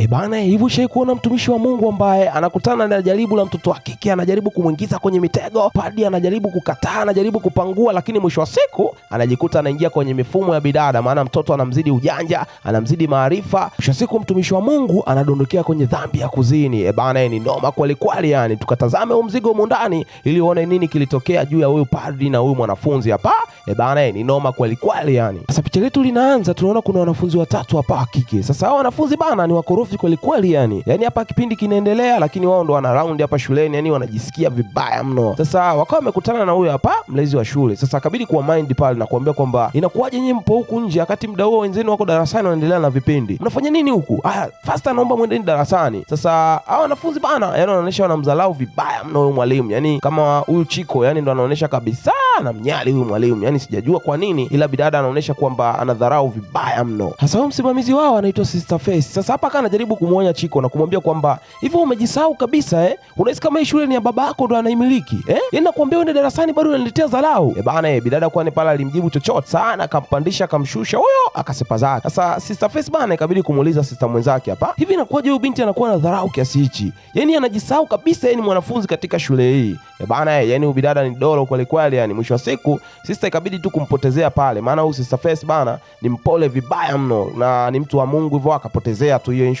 E bana, hivi ushai kuona mtumishi wa Mungu ambaye anakutana na jaribu la mtoto wa kike, anajaribu kumwingiza kwenye mitego, padi anajaribu kukataa, anajaribu kupangua, lakini mwisho wa siku anajikuta anaingia kwenye mifumo ya bidada, maana mtoto anamzidi ujanja, anamzidi maarifa. Mwisho wa siku mtumishi wa Mungu anadondokea kwenye dhambi ya kuzini. E bana, ni noma kweli kweli, yani tukatazame huu mzigo ndani ili uone nini kilitokea juu ya huyu padi na huyu mwanafunzi hapa. E bana, ni noma kweli kweli, yani sasa picha letu linaanza, tunaona kuna wanafunzi watatu hapa wa kike. Sasa hao wanafunzi bana ni wakorofi machozi kweli kweli, yani yani hapa kipindi kinaendelea, lakini wao ndo wana raundi hapa shuleni, yani wanajisikia vibaya mno. Sasa wakawa wamekutana na huyo hapa mlezi wa shule, sasa akabidi kuwa mind pale na kuambia kwamba inakuwaje nyinyi mpo huku nje, wakati mda huo wenzenu wako darasani wanaendelea na vipindi, mnafanya nini huku? Ah, fasta, naomba mwendeni darasani. Sasa hawa wanafunzi bana, yani wanaonyesha wanamdhalau vibaya mno huyo mwalimu, yani kama huyu Chiko, yani ndo anaonyesha kabisa na mnyali huyu mwalimu, yani sijajua kwa nini, ila bidada anaonyesha kwamba anadharau vibaya mno. Hasa huyu msimamizi wao anaitwa Sister Face. Sasa hapa kana anajaribu kumwonya Chiko na kumwambia kwamba hivyo umejisahau kabisa eh? Unahisi kama hii shule ni ya baba yako ndo anaimiliki eh? Yaani nakwambia uende darasani bado unaniletea dharau. Eh bana eh, bidada kwani pale alimjibu chochote sana, akampandisha akamshusha huyo akasepa zake. Sasa Sister Face bana ikabidi kumuuliza sister mwenzake hapa, hivi inakuwaje huyu binti anakuwa na dharau kiasi hichi? Yaani anajisahau kabisa yeye ni mwanafunzi katika shule hii. Eh bana eh, yaani huyu bidada ni dolo kweli kweli yani mwisho wa siku sister ikabidi tu kumpotezea pale maana huyu Sister Face bana ni mpole vibaya mno na ni mtu wa Mungu hivyo akapotezea tu hiyo mshikaji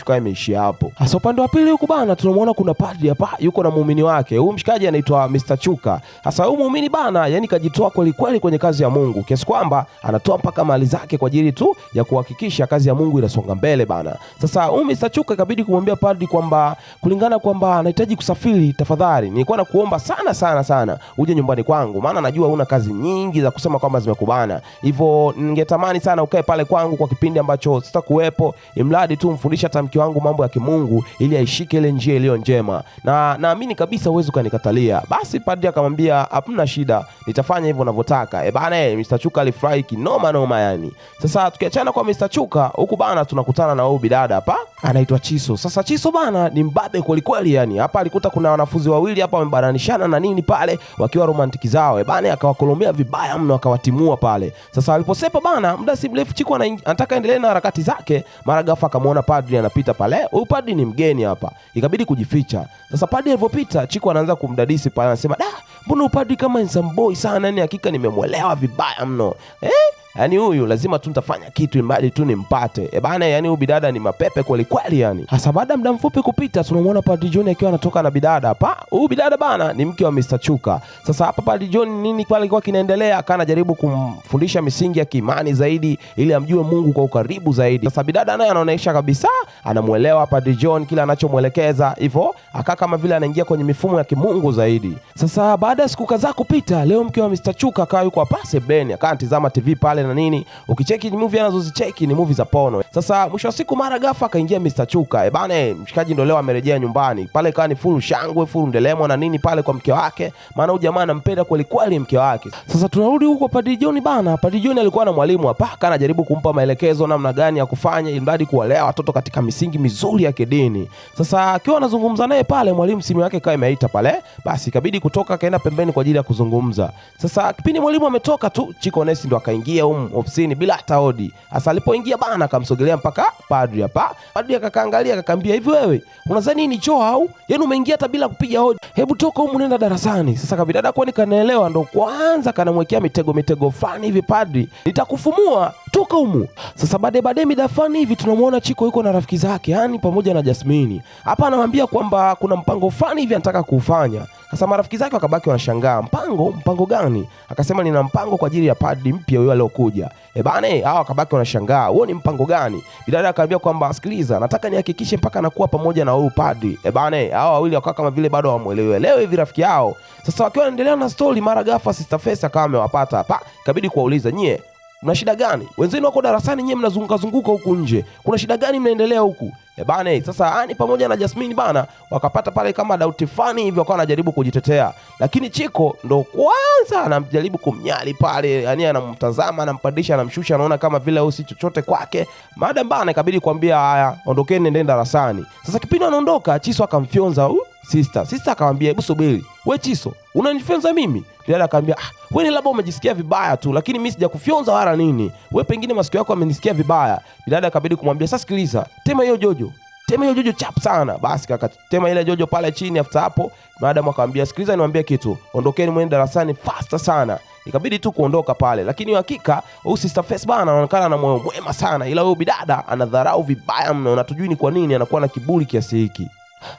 kama hapo. Hasa upande wa pili huku bana, tunamwona kuna padri hapa yuko na muumini wake. Huyu mshikaji anaitwa Mr. Chuka. Hasa huyu muumini bana, yani kajitoa kweli kweli kwenye kazi ya Mungu kiasi kwamba anatoa mpaka mali zake kwa ajili tu ya kuhakikisha kazi ya Mungu inasonga mbele bana. Sasa huyu Mr. Chuka ikabidi kumwambia padri kwamba kulingana kwamba anahitaji kusafiri, tafadhali nilikuwa nakuomba sana sana sana uje nyumbani kwangu, maana najua una kazi nyingi za kusema kwamba zimekubana, hivyo ningetamani sana ukae pale kwangu kwa kipindi ambacho sitakuwepo, imradi tu mfundisha hata mke wangu mambo ya kimungu ili aishike ile njia iliyo njema, na naamini kabisa huwezi ukanikatalia. Basi padri akamwambia hapana shida, nitafanya hivyo unavyotaka. E bana, eh, Mr. Chuka alifurahi kinoma noma yani. Sasa tukiachana kwa Mr. Chuka huku bana, tunakutana na huyu bidada hapa anaitwa Chiso. Sasa Chiso bana ni mbabe kweli kweli yani. Hapa alikuta kuna wanafunzi wawili hapa wamebananishana na nini pale wakiwa romantiki zao. E bana, akawakolomea vibaya mno akawatimua pale. Sasa aliposepa bana, muda si mrefu chiko anataka endelee na harakati zake, mara ghafla akamwona padri anapita anapita pale, huyu padi ni mgeni hapa, ikabidi kujificha. Sasa padi alivyopita, Chiku anaanza kumdadisi pale, anasema da, mbona upadi kama nsamboi boy sana, yani hakika nimemwelewa vibaya mno eh? yaani huyu lazima tu nitafanya kitu imbali tu nimpate. E bana, yani huyu bidada ni mapepe kweli kweli yani. Hasa baada muda mfupi kupita tunamwona Padri John akiwa anatoka na bidada hapa. Huyu bidada bana ni mke wa Mr. Chuka. Sasa hapa Padri John nini pale kwa kinaendelea, akawa anajaribu kumfundisha misingi ya kiimani zaidi ili amjue Mungu kwa ukaribu zaidi. Sasa bidada naye anaonyesha kabisa anamwelewa Padri John kila anachomwelekeza, hivyo akaa kama vile anaingia kwenye mifumo ya kimungu zaidi. Sasa baada ya siku kadhaa kupita, leo mke wa Mr. Chuka akawa yuko hapa sebuleni, akawa anatizama TV pale pale na nini. Ukicheki movie anazozicheki ni movie za pono. Sasa mwisho wa siku mara gafa akaingia Mr. Chuka. E eh, bane eh, mshikaji ndo leo amerejea nyumbani. Pale kawa ni full shangwe, full ndelemo na nini pale kwa mke wake. Maana huyu jamaa anampenda kweli kweli mke wake. Sasa tunarudi huko Padri John bana. Padri John alikuwa na mwalimu hapa, kana jaribu kumpa maelekezo namna gani ya kufanya ili mradi kuwalea watoto katika misingi mizuri ya kidini. Sasa akiwa anazungumza naye pale, mwalimu simu yake kawa imeita pale, basi ikabidi kutoka akaenda pembeni kwa ajili ya kuzungumza. Sasa kipindi mwalimu ametoka tu, Chiko Nesi ndo akaingia humu ofisini bila hata hodi. Hasa alipoingia bana, akamsogelea mpaka padri hapa. Padri akakaangalia akakambia, hivi wewe unadhani ni choo au yaani umeingia hata bila kupiga hodi? Hebu toka humu, nenda darasani. Sasa kabidada kwani kanaelewa, ndo kwanza kanamwekea mitego mitego fulani hivi, padri nitakufumua toka humu. Sasa baadaye baadaye mida fulani hivi tunamwona Chiko yuko na rafiki zake, yani pamoja na Jasmini hapa, anamwambia kwamba kuna mpango fulani hivi anataka kuufanya sasa marafiki zake wakabaki wanashangaa, mpango mpango gani? Akasema nina mpango kwa ajili ya padri mpya huyo aliokuja. Eh bana, eh, hawa wakabaki wanashangaa, huo ni mpango gani? Bidada akaambia kwamba sikiliza, nataka nihakikishe mpaka nakuwa pamoja na huyu padri. Eh bana, eh, hawa wawili wakawa kama vile bado hawamuelewi leo hivi rafiki yao. Sasa wakiwa wanaendelea na stori, mara ghafla Sister Face akawa amewapata hapa, ikabidi kuwauliza nyie mna shida gani? Wenzenu wako darasani, nyewe mnazunguka zunguka huku nje, kuna shida gani mnaendelea huku? E bana, eh, sasa Ani ah, pamoja na Jasmine bana wakapata pale kama dauti fani hivyo, wakawa wanajaribu kujitetea, lakini Chiko ndo kwanza anajaribu kumnyali pale, yani anamtazama, anampandisha, anamshusha, anaona kama vile au si chochote kwake. Madam bana ikabidi kuambia haya, ondokeni, nendeni darasani. Sasa kipindi anaondoka, Chiso akamfyonza uh, sister. Sister akamwambia hebu subiri, we Chiso, unanifyonza mimi? Dada akamwambia ah, we ni labda umejisikia vibaya tu, lakini mimi sijakufyonza wala nini. We pengine masikio yako amenisikia vibaya. Dada akabidi kumwambia sasa, sikiliza, tema hiyo jojo tema hiyo jojo chap sana. Basi kakatema ile jojo pale chini. After hapo, maadamu akamwambia, sikiliza, niwaambie kitu, ondokeni mwende darasani fasta sana. Ikabidi tu kuondoka pale, lakini hakika huyu Sister Face bana anaonekana na moyo mwema sana, ila huyu bidada anadharau vibaya mno, na tujui ni kwa nini anakuwa na kiburi kiasi hiki.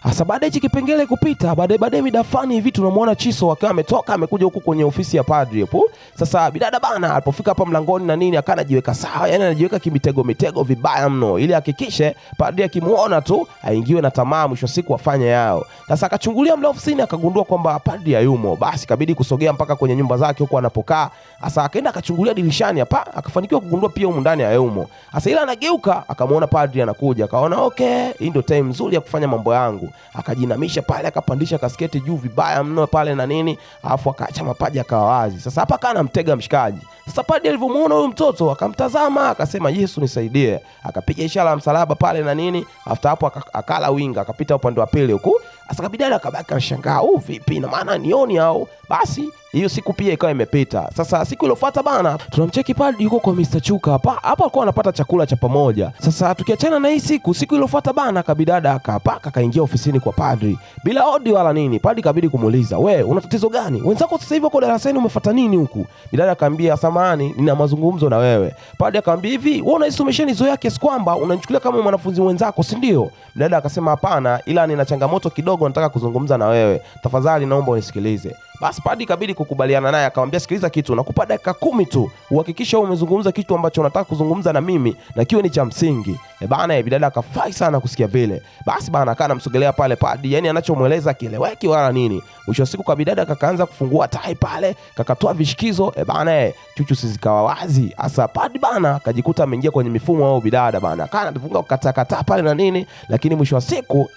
Sasa baada hichi kipengele kupita, baadaye baadaye mida fulani hivi tunamwona Chiso akiwa ametoka amekuja huku kwenye ofisi ya padri hapo. Sasa bidada bana alipofika hapa mlangoni na nini akawa anajiweka sawa, yani anajiweka kimitego mitego vibaya mno ili hakikishe padri akimuona tu aingiwe na tamaa mwisho siku afanye yao. Sasa akachungulia mle ofisini akagundua kwamba padri hayumo. Basi kabidi kusogea mpaka kwenye nyumba zake huko anapokaa. Sasa akaenda akachungulia dirishani hapa akafanikiwa kugundua pia huko ndani hayumo. Sasa ila anageuka akamuona padri anakuja akaona okay, hii ndio time nzuri ya kufanya mambo yangu yangu akajinamisha pale, akapandisha kasketi juu vibaya mno pale na nini, alafu akaacha mapaja akawa wazi. Sasa hapa kana mtega mshikaji. Sasa padi alivyomuona huyu mtoto akamtazama, akasema Yesu nisaidie, akapiga ishara ya msalaba pale na nini, afta hapo akala winga, akapita upande wa pili huku sasa Bidada akabaki anashangaa, "Oh vipi? Na maana nioni au?" Basi hiyo siku pia ikawa imepita. Sasa siku iliyofuata bana, tunamcheki pale yuko kwa Mr. Chuka hapa. Hapa alikuwa anapata chakula cha pamoja. Sasa tukiachana na hii siku, siku iliyofuata bana kabidada akapaka akaingia ofisini kwa padri bila odi wala nini. Padri kabidi kumuuliza, "We, una tatizo gani? Wenzako sasa hivi uko darasani umefuata nini huku?" Bidada akamwambia, "Samahani, nina mazungumzo na wewe." Padri akamwambia, "Hivi, wewe unahisi umeshanizoea kiasi kwamba unanichukulia kama mwanafunzi wenzako, si ndio?" Bidada akasema, "Hapana, ila nina changamoto kidogo kidogo nataka kuzungumza na wewe, tafadhali naomba unisikilize. Basi padi ikabidi kukubaliana naye, akamwambia sikiliza kitu, nakupa dakika kumi tu, uhakikisha umezungumza kitu ambacho unataka kuzungumza na mimi na kiwe ni cha msingi. E bana, e bidada akafai sana kusikia vile. Basi bana, akaa namsogelea pale padi, yani anachomweleza kieleweki wala nini. Mwisho wa siku kabidada kakaanza kufungua tai pale, kakatoa vishikizo. E bana, e, chuchu sizikawa wazi hasa. Padi bana akajikuta ameingia kwenye mifumo yao bidada bana, akaa anafunga kukatakata pale na nini, lakini mwisho wa siku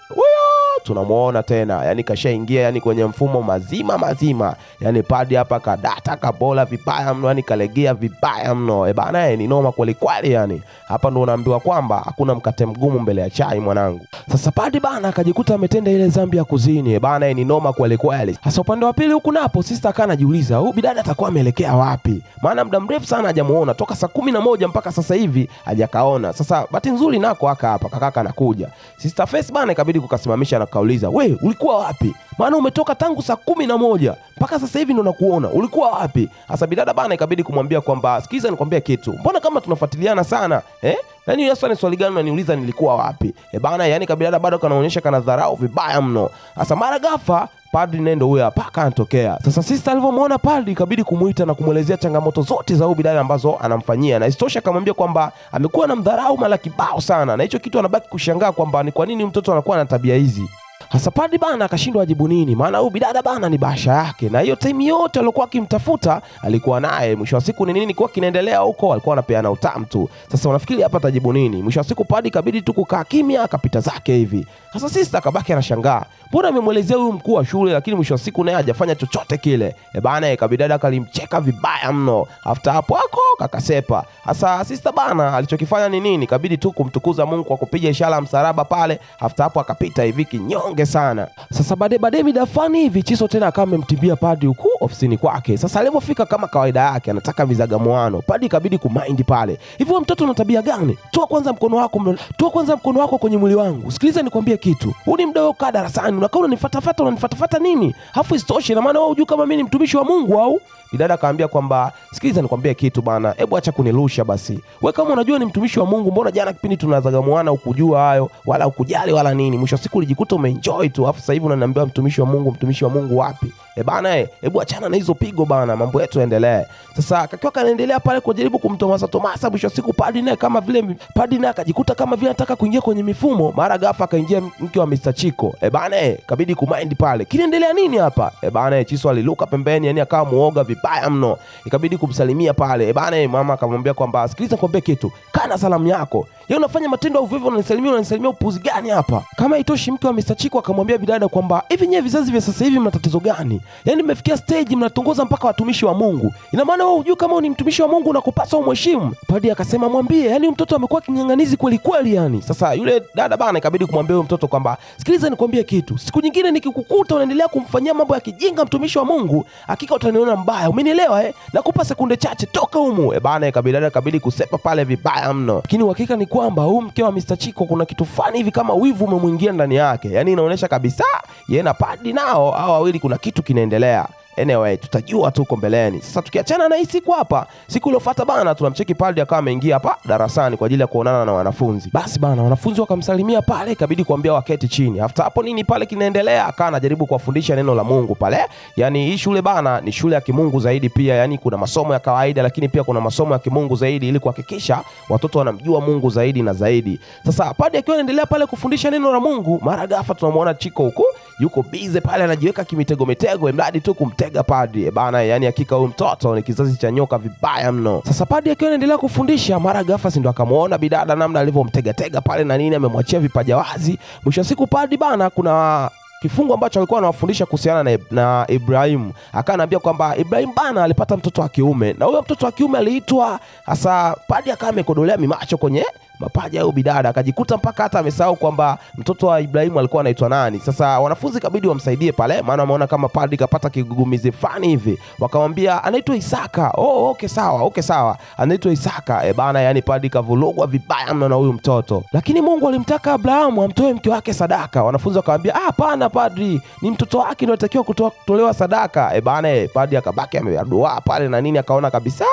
tunamwona tena, yani kashaingia yani kwenye mfumo mazima mazima, yani padi hapa kadata kabola vibaya mno, yani kalegea vibaya mno. E bana, eh, ni noma kweli kweli. Yani hapa ndo unaambiwa kwamba hakuna mkate mgumu mbele ya chai mwanangu. Sasa padi bana akajikuta ametenda ile dhambi ya kuzini. E bana, eh, ni noma kweli kweli. Sasa upande wa pili huku napo sister akaa anajiuliza, huyu bidada atakuwa ameelekea wapi? Maana muda mrefu sana hajamuona toka saa kumi na moja mpaka sasa hivi hajakaona. Sasa bahati nzuri nako aka hapa kakaka anakuja sister face bana, ikabidi kukasimamisha na akauliza we, ulikuwa wapi? Maana umetoka tangu saa kumi na moja mpaka sasa hivi ndo nakuona, ulikuwa wapi? Hasa bidada bana, ikabidi kumwambia kwamba sikiza, nikwambia kitu, mbona kama tunafuatiliana sana eh? Yaani hasa ni swali gani unaniuliza nilikuwa wapi? E bana, yani kabidada bado kanaonyesha kana dharau vibaya mno. Hasa mara ghafla Padri Nendo huyo hapa akantokea. Sasa sista alivyomwona padri ikabidi kumuita na kumwelezea changamoto zote za huyu bidada ambazo anamfanyia, na isitosha akamwambia kwamba amekuwa na mdharau mara kibao sana, na hicho kitu anabaki kushangaa kwamba ni kwa nini mtoto anakuwa na tabia hizi. Hasa padi bana akashindwa ajibu nini, maana huyu bidada bana ni bahasha yake, na hiyo time yote alikuwa akimtafuta alikuwa naye. Mwisho wa siku ni nini kwa kinaendelea huko, alikuwa anapeana utamu tu. Sasa unafikiri hapa atajibu nini? Mwisho wa siku padi kabidi tu kukaa kimya, akapita zake hivi. Sasa sister kabaki anashangaa, mbona amemwelezea huyu mkuu wa shule, lakini mwisho wa siku naye hajafanya chochote kile. E bana, kabidada akalimcheka vibaya mno. After hapo ako kakasepa. Sasa sister bana alichokifanya ni nini? Kabidi tu kumtukuza Mungu kwa kupiga ishara msalaba pale. After hapo akapita hivi kinyonga mnyonge sana. Sasa baadaye baadaye mida fulani hivi Chiso tena akawa amemtibia Padi huku ofisini kwake. Sasa alipofika kama kawaida yake anataka vizagamuano. Padi ikabidi kumind pale. Hivi wewe mtoto una tabia gani? Toa kwanza mkono wako mlo. Toa kwanza mkono wako kwenye mwili wangu. Sikiliza nikwambie kitu. Huu ni mdogo wako kwa darasani. Unakaa unanifatafata unanifatafata nini? Hafu isitoshe na maana wewe hujui kama mimi ni mtumishi wa Mungu au? Bidada akaambia kwamba sikiliza nikwambie kitu bana. Hebu acha kunirusha basi. Wewe kama unajua ni mtumishi wa Mungu mbona jana kipindi tunazagamuana ukujua hayo wala ukujali wala nini? Mwisho siku ulijikuta ume enjoy tu. afu sasa hivi unaniambia mtumishi wa Mungu, mtumishi wa Mungu wapi? e bana, eh, hebu achana na hizo pigo bana, mambo yetu yaendelee Sasa kakiwa kanaendelea pale kujaribu kumtomasa tomasa, mwisho siku padi naye kama vile padi naye akajikuta kama vile anataka kuingia kwenye mifumo, mara gafa akaingia mke wa Mr Chiko. E eh, bana, kabidi kumind pale kinaendelea nini hapa. E bana, Chiso aliluka pembeni, yani akawa muoga vibaya mno, ikabidi kumsalimia pale. E bana, mama akamwambia kwamba sikiliza, kwambie kitu, kana salamu yako yeye, yaani unafanya matendo au vivyo unanisalimia unanisalimia upuzi gani hapa? Kama itoshi, mke wa Mr Chiko akamwambia bidada kwamba hivi nyewe vizazi vya sasa hivi mna tatizo gani? Yaani mmefikia stage mnatongoza mpaka watumishi wa Mungu. Ina maana wewe hujui kama ni mtumishi wa Mungu unakupasa umheshimu. Padri akasema mwambie, yaani mtoto amekuwa kinyang'anizi kweli kweli yani. Sasa yule dada bana ikabidi kumwambia huyo mtoto kwamba sikiliza, nikwambie kitu. Siku nyingine nikikukuta unaendelea kumfanyia mambo ya kijinga mtumishi wa Mungu, hakika utaniona mbaya. Umenielewa eh? Nakupa sekunde chache toka humu. Eh, bana ikabidi dada ikabidi kusepa pale vibaya mno. Lakini uhakika ni kwamba huyu mke wa Mr. Chiko kuna kitu fulani hivi kama wivu umemwingia ndani yake. Yaani inaonyesha kabisa yeye na Padri nao hao wawili kuna kitu kini kinaendelea anyway, tutajua tu huko mbeleni. Sasa tukiachana na hii siku hapa, siku iliyofuata bana, tunamcheki Padri akawa ameingia hapa darasani kwa ajili ya kuonana na wanafunzi. Basi bana, wanafunzi wakamsalimia pale, ikabidi kuambia waketi chini. After hapo nini pale kinaendelea, akawa anajaribu kuwafundisha neno la Mungu pale. Yani hii shule bana ni shule ya kimungu zaidi pia, yani kuna masomo ya kawaida, lakini pia kuna masomo ya kimungu zaidi, ili kuhakikisha watoto wanamjua Mungu zaidi na zaidi. Sasa Padri akiwa anaendelea pale kufundisha neno la Mungu, mara ghafla tunamwona Chiko huko yuko bize pale, anajiweka kimitego mitego, mradi tu kumtega padri e bana. Yani hakika huyu mtoto ni kizazi cha nyoka vibaya mno. Sasa padri akiwa anaendelea kufundisha, mara ghafla ndo akamwona bidada, namna alivyomtegatega pale na nini, amemwachia vipaja wazi. Mwisho wa siku padri bana, kuna kifungu ambacho alikuwa anawafundisha kuhusiana na, na Ibrahimu akawa anaambia kwamba Ibrahimu bana alipata mtoto wa kiume na huyo mtoto wa kiume aliitwa hasa. padi akawa amekodolea mimacho kwenye mapaja au bidada, akajikuta mpaka hata amesahau kwamba mtoto wa Ibrahimu alikuwa anaitwa nani. Sasa wanafunzi kabidi wamsaidie pale, maana wameona kama padri kapata kigugumizi fulani hivi, wakamwambia anaitwa Isaka. Oh, oh okay sawa, okay sawa, anaitwa Isaka. E bana, yani padri kavurugwa vibaya mno na huyu mtoto, lakini Mungu alimtaka Abrahamu amtoe mke wake sadaka. Wanafunzi wakamwambia ah, hapana padri, ni mtoto wake ndio atakiwa kutolewa sadaka. E bana, eh, padri akabaki ameadua pale na nini, akaona kabisa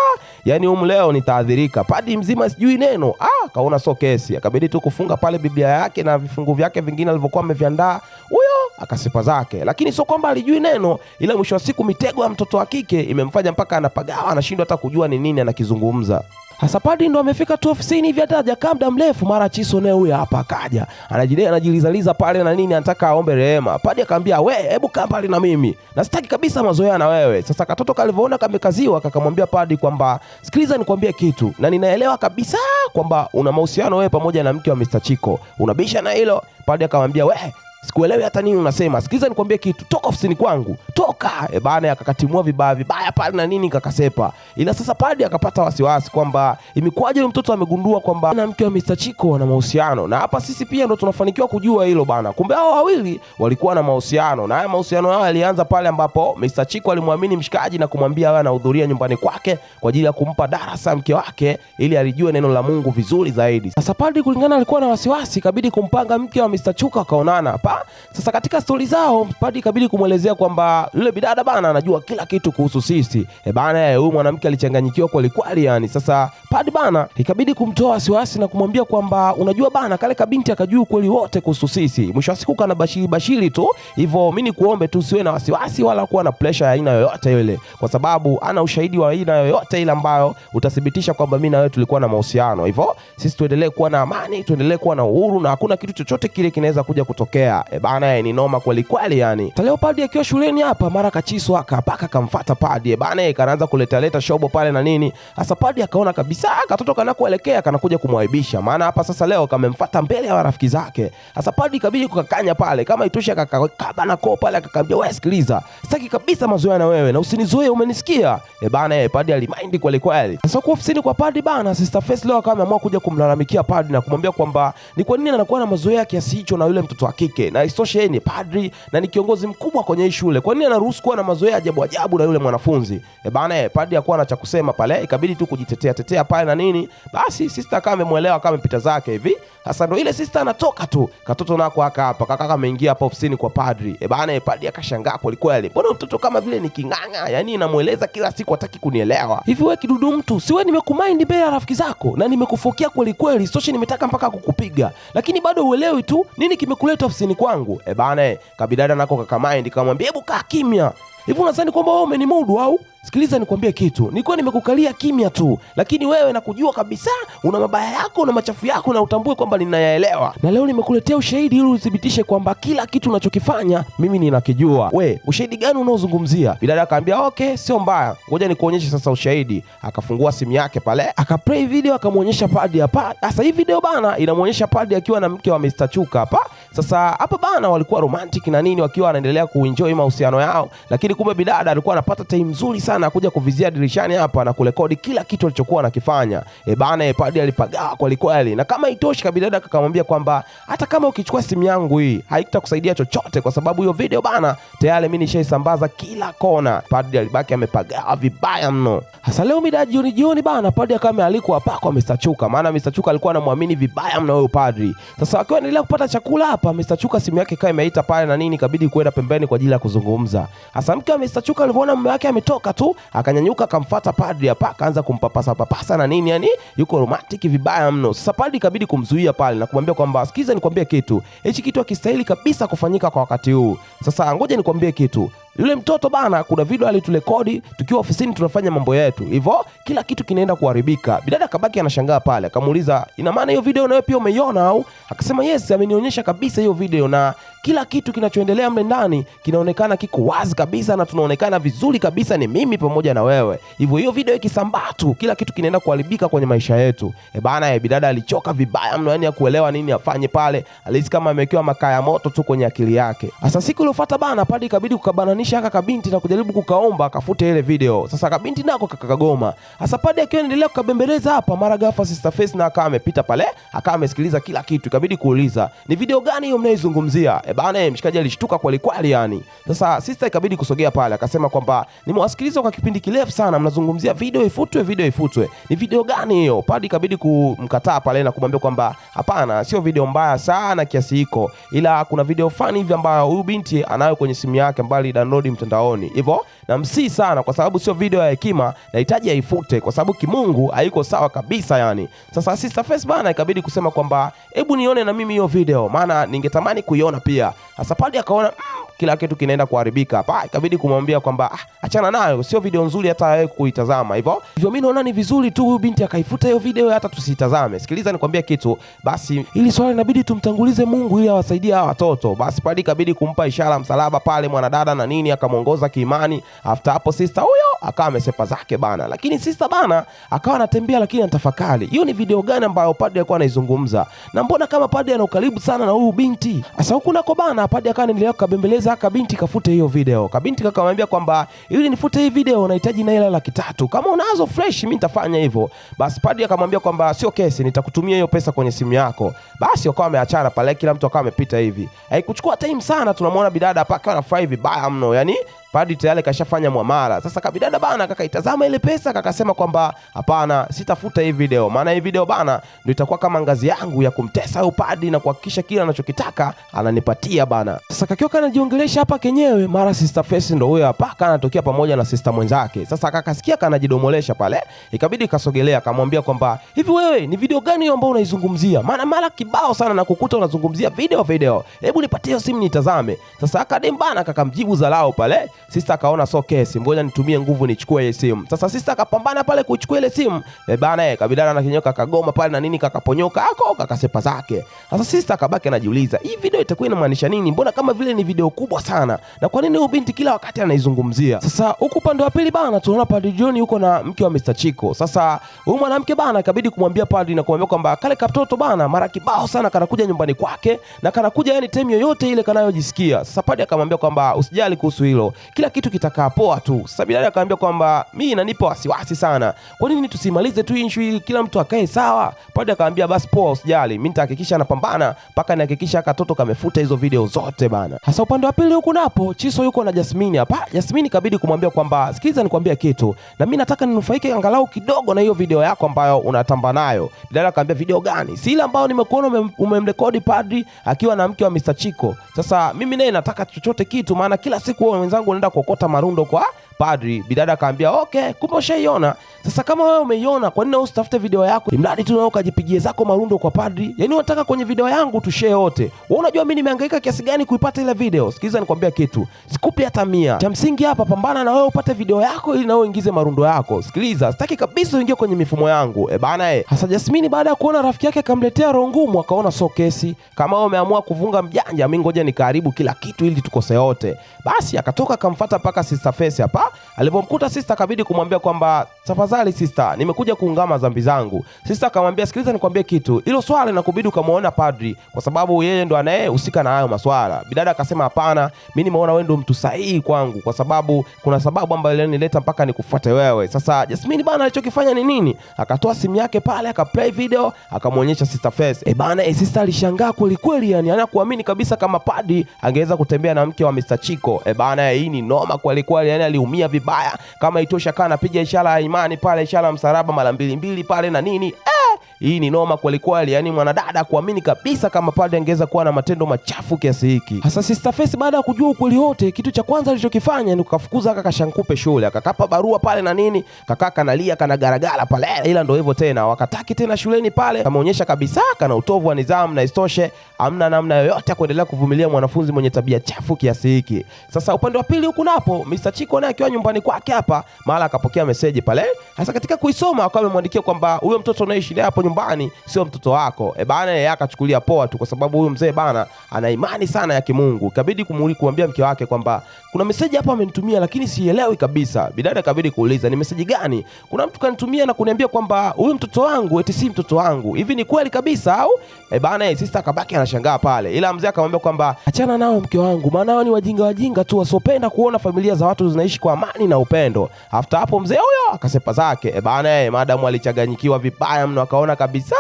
yani humu leo nitaadhirika. Padri mzima sijui neno ah, hakuna so kesi, akabidi tu kufunga pale Biblia yake na vifungu vyake vingine alivyokuwa ameviandaa huyo akasipa zake, lakini sio kwamba alijui neno, ila mwisho wa siku mitego ya mtoto wa kike imemfanya mpaka anapagawa, anashindwa hata kujua ni nini anakizungumza. Hasa padri ndo amefika tu ofisini hivi hata hajakaa muda mrefu, mara Chiso naye huyo hapa akaja, anajidai anajilizaliza pale na nini, anataka aombe rehema. Padri akamwambia we, hebu kaa pale na mimi, na sitaki kabisa mazoea na wewe. Sasa katoto kalivyoona kamekaziwa, kakamwambia padri kwamba sikiliza, nikwambie kitu, na ninaelewa kabisa kwamba una mahusiano wewe pamoja na mke wa Mr. Chiko, unabisha na hilo. Padri akamwambia we sikuelewi hata nini unasema. Sikiza nikwambie kitu, toka ofisini kwangu, toka. E bana, akakatimua vibaya vibaya pale na nini, kakasepa. Ila sasa padi akapata wasiwasi kwamba imekuwaje mtoto amegundua kwamba na mke wa Mr. Chiko na mahusiano, na hapa sisi pia ndo tunafanikiwa kujua hilo bana. Kumbe hao wawili walikuwa na mahusiano, na haya mahusiano yao yalianza pale ambapo Mr. Chiko alimwamini mshikaji na kumwambia awe anahudhuria nyumbani kwake kwa ajili ya kumpa darasa mke wake ili alijue neno la Mungu vizuri zaidi. Sasa padi, kulingana alikuwa na wasiwasi, kabidi kumpanga mke wa Mr. Chuka, akaonana hapa. Sasa katika stori zao Padi ikabidi kumwelezea kwamba yule bidada bana anajua kila kitu kuhusu sisi e bana, eh, huyu mwanamke alichanganyikiwa kweli kweli yani. Sasa Padi bana ikabidi kumtoa wasiwasi na kumwambia kwamba unajua bana, kale kabinti akajua kweli wote kuhusu sisi, mwisho wa siku kana bashiri bashiri tu hivyo. Mimi nikuombe tu usiwe na wasiwasi wala kuwa na pressure ya aina yoyote ile, kwa sababu ana ushahidi wa aina yoyote ile ambayo utathibitisha kwamba mimi na wewe tulikuwa na mahusiano. Hivyo sisi tuendelee kuwa na amani, tuendelee kuwa na uhuru na hakuna kitu chochote kile kinaweza kuja kutokea. E bana, e, ni noma kweli kweli yani. Taleo Padi akiwa shuleni hapa mara kachiswa akapaka akamfuata Padi. E bana, e, kanaanza kuleta leta shobo pale na nini. Sasa Padi akaona kabisa katoto kana kuelekea kanakuja kumwaibisha. Maana hapa sasa leo kamemfuata mbele ya rafiki zake. Sasa Padi kabidi kukakanya pale kama itoshi akakaba na koo pale akakambia wewe sikiliza. Sitaki kabisa mazoea na wewe na usinizoee umenisikia? E bana, e, Padi alimind kweli kweli. Sasa kwa ofisini kwa Padi bana, Sister Face leo akaamua kuja kumlalamikia Padi na kumwambia kwamba ni kwa nini anakuwa na mazoea kiasi hicho na yule mtoto wa kike na isitoshe ni padri na ni kiongozi mkubwa kwenye hii shule. Kwa nini anaruhusu kuwa na mazoea ajabu ajabu na yule mwanafunzi? E bana, eh, padri hakuwa na cha kusema pale, eh, ikabidi tu kujitetea tetea pale na nini. Basi sister kama amemwelewa kama mpita zake hivi. Sasa ndo ile sister anatoka tu, katoto nako haka hapa, kaka ameingia hapa ofisini kwa padri. E bana, eh, padri akashangaa kwa kweli. Mbona mtoto kama vile ni king'ang'a? Yaani namueleza kila siku hataki kunielewa. Hivi wewe kidudu mtu, si wewe nimekumind mbele ya rafiki zako na nimekufokia kweli kweli, isitoshe nimetaka mpaka kukupiga. Lakini bado uelewi tu nini kimekuleta ofisini kwangu. ebane eh, bana, eh, kabidada nako kakamaindi kamwambia, hebu kaa kimya hivi, unadhani kwamba wewe umenimudu au? Sikiliza nikwambie kitu, nilikuwa nimekukalia kimya tu, lakini wewe nakujua kabisa, una mabaya yako, na machafu yako, na utambue kwamba ninayaelewa, na leo nimekuletea ushahidi ili uthibitishe kwamba kila kitu unachokifanya mimi ninakijua. We, ushahidi gani unaozungumzia? Bidada akaambia okay, sio mbaya, ngoja nikuonyeshe sasa ushahidi. Akafungua simu yake pale, akaplay video, akamwonyesha padi hapa. Sasa hii video bana, inamwonyesha padi akiwa na mke wa Mr. Chuka hapa. Sasa hapa bana, walikuwa romantic na nini, wakiwa wanaendelea kuenjoy mahusiano yao, lakini kumbe bidada alikuwa anapata time nzuri sana kuja kuvizia dirishani hapa na kurekodi kila kitu alichokuwa anakifanya. E bana, e padi alipagaa kweli kweli. Na kama itoshi, kabidada akamwambia kwamba hata kama ukichukua simu yangu hii haitakusaidia chochote, kwa sababu hiyo video bana, tayari mimi nishaisambaza kila kona. Padi alibaki amepagaa vibaya mno. Hasa leo mida jioni jioni bana, padi akawa amealikwa hapa kwa Mr. Chuka, maana Mr. Chuka alikuwa anamwamini vibaya mno huyo padri. Sasa akiwa anaendelea kupata chakula hapa, Mr. Chuka simu yake ikawa imeita pale na nini, ikabidi kwenda pembeni kwa ajili ya kuzungumza. Hasa mke wa Mr. Chuka alivyoona mume wake ametoka tu akanyanyuka akamfuata padri hapa, akaanza kumpapasa papasa na nini, yani yuko romantic vibaya mno. Sasa padri ikabidi kumzuia pale na kumwambia kwamba sikiza, nikwambie kitu hichi, kitu hakistahili kabisa kufanyika kwa wakati huu. Sasa ngoja nikwambie kitu yule mtoto bana, kuna video alitulekodi tukiwa ofisini tunafanya mambo yetu hivyo, kila kitu kinaenda kuharibika. Bidada kabaki anashangaa pale, akamuuliza ina maana hiyo video nawe pia umeiona au? Akasema yes, amenionyesha kabisa hiyo video na kila kitu kinachoendelea mle ndani kinaonekana kiko wazi kabisa na tunaonekana vizuri kabisa, ni mimi pamoja na wewe. Hivyo hiyo video ikisambaa tu, kila kitu kinaenda kuharibika kwenye maisha yetu. E bana, bidada alichoka vibaya mno, yani kuelewa nini afanye pale, alihisi kama amewekewa makaa ya moto tu kwenye akili yake. Sasa siku iliyofuata bana, padi ikabidi kukabananisha aka kabinti na kujaribu kukaomba akafute ile video. Sasa kabinti nako kakagoma. Sasa padi akiwa endelea kukabembeleza hapa, mara gafa Sister Face na akawa amepita pale, akawa amesikiliza kila kitu, ikabidi kuuliza ni video gani hiyo mnaizungumzia? e bana, eh, mshikaji alishtuka kwalikwali yani. Sasa sister ikabidi kusogea pale, akasema kwamba nimewasikiliza kwa kipindi kirefu sana, mnazungumzia video ifutwe, video ifutwe, ni video gani hiyo? Padi ikabidi kumkataa pale na kumwambia kwamba hapana, sio video mbaya sana kiasi hiko, ila kuna video fani hivi ambayo huyu binti anayo kwenye simu yake ambayo alidownload mtandaoni hivyo na msii sana, kwa sababu sio video ya hekima, nahitaji aifute kwa sababu kimungu haiko sawa kabisa yani. Sasa Sister Face bana, ikabidi kusema kwamba hebu nione na mimi hiyo video, maana ningetamani kuiona pia. Sasa pale akaona mm, kila kitu kinaenda kuharibika hapa. Ikabidi kumwambia kwamba ah, achana nayo, sio video nzuri hata wewe kuitazama hivyo hivyo. Mimi naona ni vizuri tu huyu binti akaifuta hiyo video, hata tusitazame. Sikiliza nikwambia kitu, basi ili swali inabidi tumtangulize Mungu ili awasaidie hawa watoto. Basi pale ikabidi kumpa ishara msalaba pale mwanadada na nini, akamwongoza kiimani. After hapo sister huyo akawa amesepa zake bana, lakini sister bana akawa anatembea, lakini anatafakari hiyo ni video gani ambayo padri alikuwa anaizungumza, na mbona kama padri ana ukaribu sana na huyu binti. Sasa huku nako bana padri akawa anaendelea kukabembeleza kumkataa kabinti kafute hiyo video. Kabinti kakamwambia kwamba ili nifute hii video nahitaji na hela laki tatu, kama unazo fresh mimi nitafanya hivyo. Basi padri akamwambia kwamba sio kesi, nitakutumia hiyo pesa kwenye simu yako. Basi wakawa ameachana pale, kila mtu akawa amepita hivi. Haikuchukua time sana, tunamwona bidada hapa akiwa anafurahi vibaya mno, yani Padri tayari kashafanya mwamala. Sasa kabidada bana kakaitazama ile pesa kakasema kwamba hapana, sitafuta hii video, maana hii video bana ndio itakuwa kama ngazi yangu ya kumtesa huyu padri na kuhakikisha kila anachokitaka ananipatia bana. Sasa kakiwa kanajiongelesha hapa kenyewe, mara Sister Face ndio huyo hapa kanatokea pamoja na sister mwenzake. Sasa kakasikia kanajidomolesha pale, ikabidi kasogelea kamwambia kwamba hivi wewe ni video gani hiyo ambayo unaizungumzia? Maana mara kibao sana na kukuta unazungumzia video video, hebu nipatie simu nitazame. Sasa akadem bana kakamjibu zalao pale Sista akaona so kesi, ngoja nitumie nguvu nichukue ile simu. Sasa sista akapambana pale kuchukua ile simu e bana, eh, kabidana na kinyoka kagoma pale na nini, kakaponyoka ako kakasepa zake. Sasa sista akabaki anajiuliza, hii video itakuwa inamaanisha nini? Mbona kama vile ni video kubwa sana, na kwa nini huyu binti kila wakati anaizungumzia? Sasa huku upande wa pili bana, tunaona Padri John yuko na mke wa Mr Chiko. Sasa huyu mwanamke bana ikabidi kumwambia padri na kumwambia kwamba kale kaptoto bana mara kibao sana kanakuja nyumbani kwake na kanakuja yani time yoyote ile kanayojisikia. Sasa padri akamwambia kwamba usijali kuhusu hilo kila kitu kitakaa poa tu. Sasa akaambia kwamba mimi inanipa wasiwasi sana, kwa nini tusimalize tu issue ili kila mtu akae sawa? Padri akaambia basi poa, usijali, mimi nitahakikisha anapambana mpaka nihakikisha katoto kamefuta hizo video zote bana. Hasa upande wa pili huko napo Chiso yuko na Jasmine hapa. Jasmine kabidi kumwambia kwamba sikiliza, nikwambia kitu, na mimi nataka ninufaike angalau kidogo na hiyo video yako ambayo unatamba nayo. Bilali akaambia video gani? Si ile ambayo nimekuona umemrekodi padri akiwa na mke wa Mr Chiko. Sasa mimi naye nataka chochote kitu, maana kila siku wenzangu wanaenda kuokota marundo kwa padri. Bidada akaambia okay, kumbe ushaiona. Sasa kama wewe umeiona, kwa nini usitafute video yako, imradi tu nao kajipigie zako marundo kwa padri? Yani unataka kwenye video yangu tushare wote? Wewe unajua mimi nimehangaika kiasi gani kuipata ile video? Sikiliza nikwambia kitu, sikupi hata mia. Cha msingi hapa, pambana na wewe upate video yako, ili nao ingize marundo yako. Sikiliza, sitaki kabisa uingie kwenye mifumo yangu e bana e. Hasa Jasmini baada ya kuona rafiki yake akamletea roho ngumu, akaona so kesi kama wewe umeamua kuvunga mjanja, mimi ngoja nikaharibu kila kitu ili tukose wote. Basi akatoka akamfuata paka Sister Face hapa Alipomkuta sista akabidi kumwambia kwamba tafadhali sista, nimekuja kuungama dhambi zangu. Sista akamwambia sikiliza, nikwambie kitu, hilo swala inakubidi ukamwona padri, kwa sababu yeye ndo anayehusika na hayo maswala. Bidada akasema hapana, mi nimeona wewe ndo mtu sahihi kwangu, kwa sababu kuna sababu ambayo ilinileta mpaka nikufuate wewe. Sasa Jasmini bana, alichokifanya ni nini? Akatoa simu yake pale, akaplay video, akamwonyesha sista face. E bana, e eh, sista alishangaa kweli kweli, yani anakuamini kabisa kama padri angeweza kutembea na mke wa Mr Chiko. E eh bana, hii ni noma kweli kweli, yani aliumia anatumia vibaya. Kama itosha, kana anapiga ishara ya imani pale, ishara ya msalaba mara mbili mbili pale na nini eh. Hii ni noma kwelikweli, yaani mwanadada kuamini kabisa kama padri angeweza kuwa na matendo machafu kiasi hiki. Hasa Sister Face baada ya kujua ukweli wote, kitu cha kwanza alichokifanya ni kukafukuza kaka Shankupe shule, akakapa barua pale na nini, kaka kanalia kana garagara pale, ila ndio hivyo tena, wakataki tena shuleni pale, kameonyesha kabisa kana utovu wa nidhamu, na istoshe amna namna yoyote ya kuendelea kuvumilia mwanafunzi mwenye tabia chafu kiasi hiki. Sasa upande wa pili huku napo Mr. Chiko naye akiwa nyumbani kwake hapa, mara akapokea meseji pale, hasa katika kuisoma akawa amemwandikia kwamba huyo mtoto anaishi hapo nyumbani sio mtoto wako e bana. Yeye akachukulia poa tu, kwa sababu huyu mzee bana ana imani sana ya kimungu. Ikabidi kumuli kuambia mke wake kwamba kuna meseji hapa amenitumia, lakini sielewi kabisa. Bidada akabidi kuuliza ni meseji gani? Kuna mtu kanitumia na kuniambia kwamba huyu mtoto wangu eti si mtoto wangu, hivi ni kweli kabisa au? E bana, yeye sister akabaki anashangaa pale, ila mzee akamwambia kwamba achana nao mke wangu, maana hao ni wajinga wajinga tu wasiopenda kuona familia za watu zinaishi kwa amani na upendo. After hapo mzee huyo akasepa zake. E bana, yeye madamu alichanganyikiwa vibaya mno, akaona kabisa,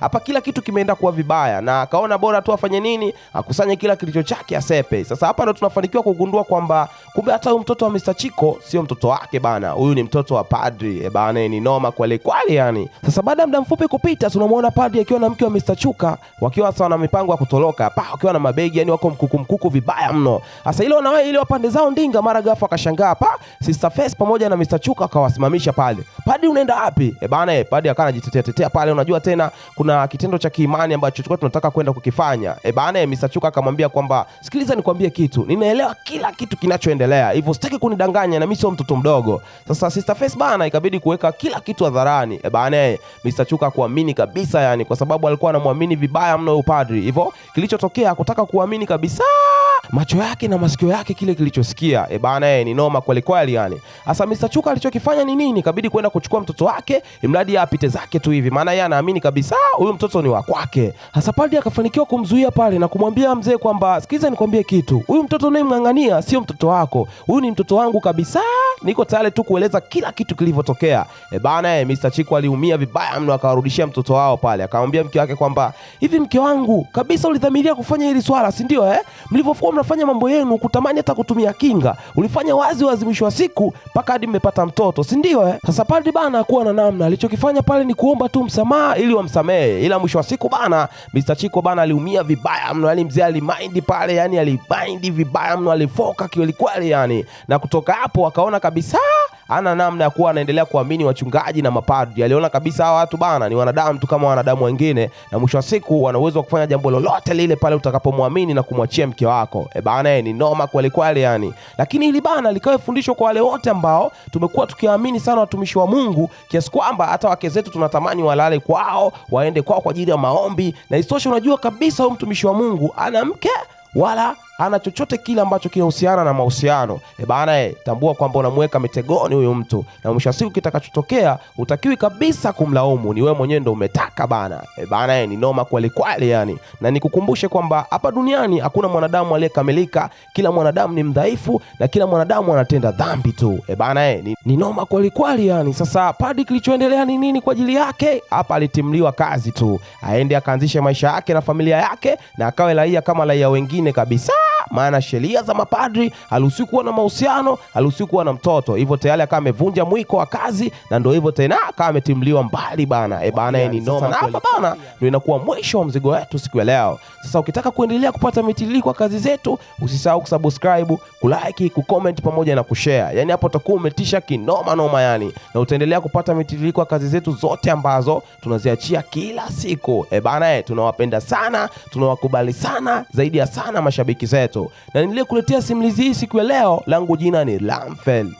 hapa kila kitu kimeenda kuwa vibaya, na akaona bora tu afanye nini, akusanye kila kilicho chake asepe. Sasa hapa ndo tunafanikiwa kugundua kwamba kumbe hata huyu mtoto wa Mr. Chiko sio mtoto wake bana, huyu ni mtoto wa padri. E bana, ni noma kweli kweli yani. Sasa baada ya muda mfupi kupita, tunamwona padri akiwa na mke wa Mr. Chuka wakiwa sasa na mipango ya kutoroka pa wakiwa na mabegi, yani wako mkuku mkuku vibaya mno. Sasa ile wanawe ile wapande zao ndinga, mara gafu akashangaa pa Sister Face pamoja na Mr. Chuka akawasimamisha pale. Padri, unaenda wapi? E bana, e padri akawa anajitetea tetea pale unajua tena kuna kitendo cha kiimani ambacho tulikuwa tunataka kwenda kukifanya. E bana, eh, Mr. Chuka akamwambia kwamba sikiliza, nikwambie kitu, ninaelewa kila kitu kinachoendelea, hivyo sitaki kunidanganya na mimi sio mtoto mdogo. Sasa Sister Face bana, ikabidi kuweka kila kitu hadharani. E bana, eh, Mr. Chuka kuamini kabisa, yani kwa sababu alikuwa anamwamini vibaya mno upadri, hivyo kilichotokea kutaka kuamini kabisa macho yake na masikio yake kile kilichosikia. E bana, ni noma kweli kweli yani. Hasa Mr. Chuka alichokifanya ni nini? Kabidi kwenda kuchukua mtoto wake, imradi apite zake tu hivi, maana yeye anaamini kabisa huyu mtoto ni wa kwake. Hasa pale akafanikiwa kumzuia pale na kumwambia mzee kwamba sikiza, nikwambie kitu, huyu mtoto unayemng'ang'ania sio mtoto wako, huyu ni mtoto wangu kabisa, niko tayari tu kueleza kila kitu kilivyotokea. E bana, Mr. Chiku aliumia vibaya mno, akawarudishia mtoto wao pale, akamwambia mke wake kwamba hivi, mke wangu, kabisa ulidhamiria kufanya hili swala, si ndio eh? mlivyo mlikuwa mnafanya mambo yenu kutamani hata kutumia kinga, ulifanya wazi wazi, mwisho wa siku mpaka hadi mmepata mtoto, si ndio eh? Sasa padri bana hakuwa na namna, alichokifanya pale ni kuomba tu msamaha ili wamsamehe, ila mwisho wa siku bana, Mr Chiko bana aliumia vibaya mno, yani mzee alimaindi pale, yani alimaindi vibaya mno, alifoka kweli kweli yani, na kutoka hapo akaona kabisa ana namna ya kuwa anaendelea kuamini wachungaji na mapadri. Aliona kabisa hawa watu bana ni wanadamu tu kama wanadamu wengine, na mwisho wa siku wana uwezo wa kufanya jambo lolote lile pale utakapomwamini na kumwachia mke wako. E bana, ni noma kweli kweli yani. Lakini hili bana likawa fundisho kwa wale wote ambao tumekuwa tukiwaamini sana watumishi wa Mungu kiasi kwamba hata wake zetu tunatamani walale kwao, waende kwao kwa ajili ya maombi, na isitoshe unajua kabisa huyu mtumishi wa Mungu ana mke wala hana chochote kile ambacho kinahusiana na mahusiano. E bana, e, tambua kwamba unamweka mitegoni huyu mtu, na mwisho wa siku kitakachotokea utakiwi kabisa kumlaumu, ni wewe mwenyewe ndo umetaka bana. E bana, e, ni noma kweli yani, na nikukumbushe kwamba hapa duniani hakuna mwanadamu aliyekamilika, kila mwanadamu ni mdhaifu na kila mwanadamu anatenda dhambi tu. E bana, e, ni, ni noma kweli yani. Sasa padi kilichoendelea ni nini kwa ajili yake? Hapa alitimliwa kazi tu, aende akaanzishe maisha yake na familia yake, na akawe raia kama raia wengine kabisa maana sheria za mapadri haruhusiwi kuwa na mahusiano, haruhusiwi kuwa na mtoto. Hivyo tayari akawa amevunja mwiko wa kazi, na ndio hivyo tena akawa ametimliwa mbali bana. E bana, ni noma na hapa bana, ndio inakuwa mwisho wa mzigo wetu siku ya leo. Sasa ukitaka kuendelea kupata mitiririko ya kazi zetu, usisahau kusubscribe, kulike, kucomment pamoja na kushare. Yani hapo utakuwa umetisha kinoma noma yani, na utaendelea kupata mitiririko ya kazi zetu zote ambazo tunaziachia kila siku. E bana, eh, tunawapenda sana, tunawakubali sana zaidi ya sana mashabiki zetu yetu, na niliyekuletea simulizi hii siku ya leo, langu jina ni lamfel